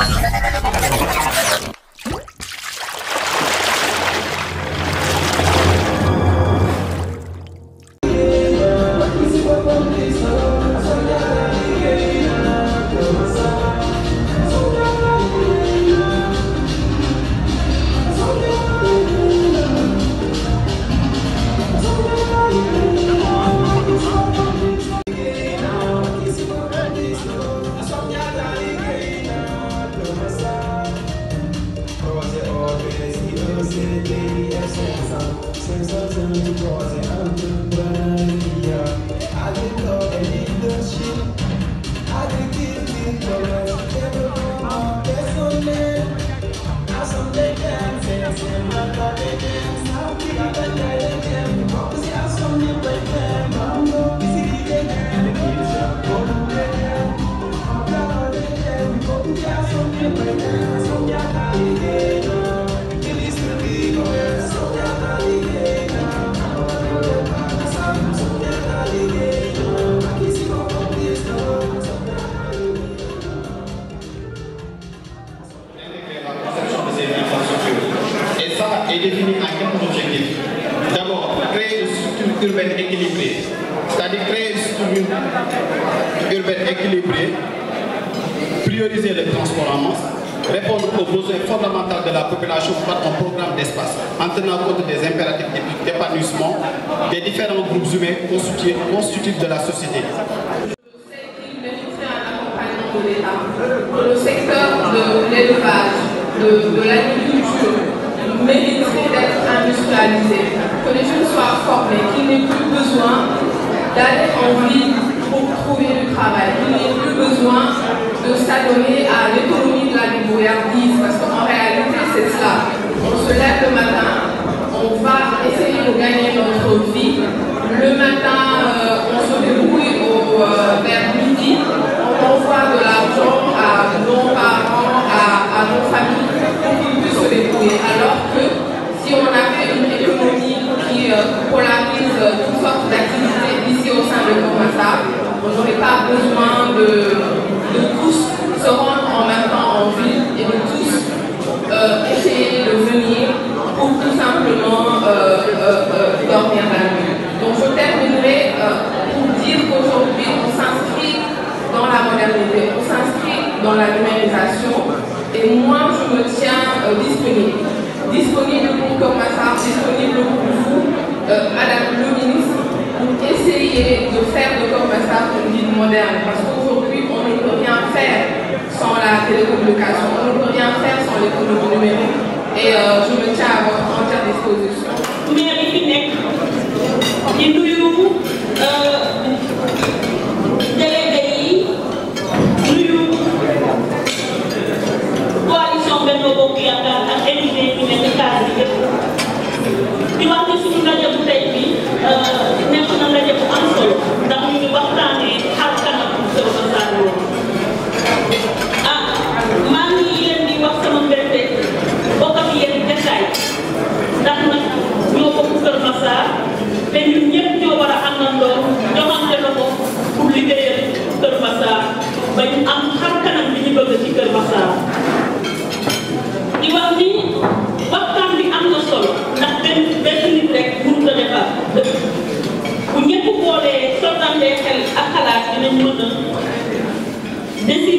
何 urbaine équilibrée, c'est-à-dire créer une urbaine équilibrée, prioriser les transport en masse, répondre aux besoins fondamentaux de la population par un programme d'espace, en tenant compte des impératifs d'épanouissement des différents groupes humains constitutifs de la société. Le secteur de l'élevage, de, de l'agriculture mériterait d'être industrialisé que les jeunes soient formés, qu'ils n'aient plus besoin d'aller en ville pour trouver du travail, qu'ils n'aient plus besoin de s'adonner à l'économie de la débrouillardise, parce qu'en réalité, dans la numérisation. Et moi, je me tiens euh, disponible. Disponible pour Comassa, disponible pour vous, euh, Madame le ministre, pour essayer de faire de Comassa une ville moderne. Parce qu'aujourd'hui, on ne peut rien faire sans la télécommunication, on ne peut rien faire sans l'économie numérique. Et euh, je me tiens à àndee xel ak xalaat dinañ mën a dessiner li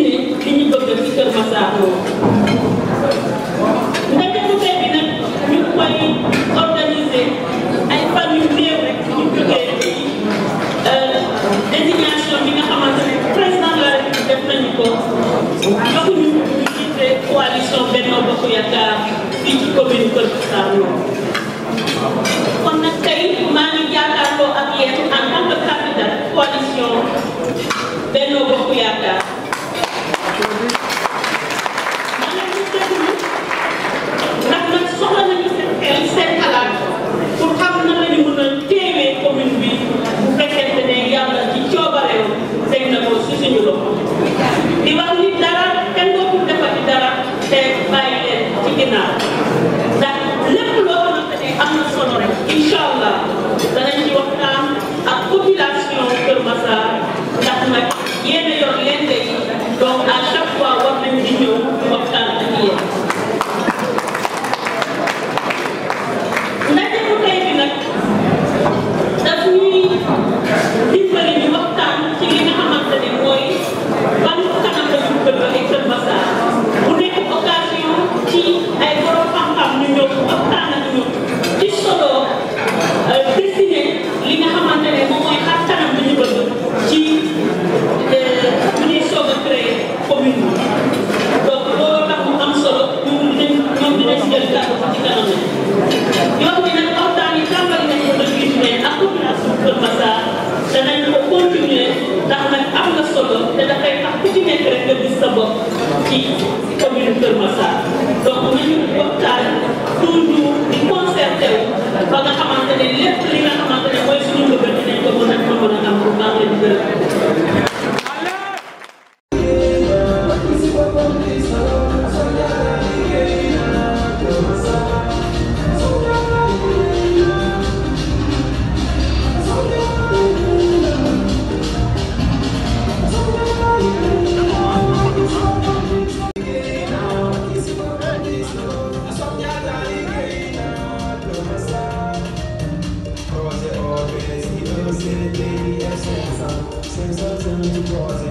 ñu bëgg ci Kër Massar Sometimes I'm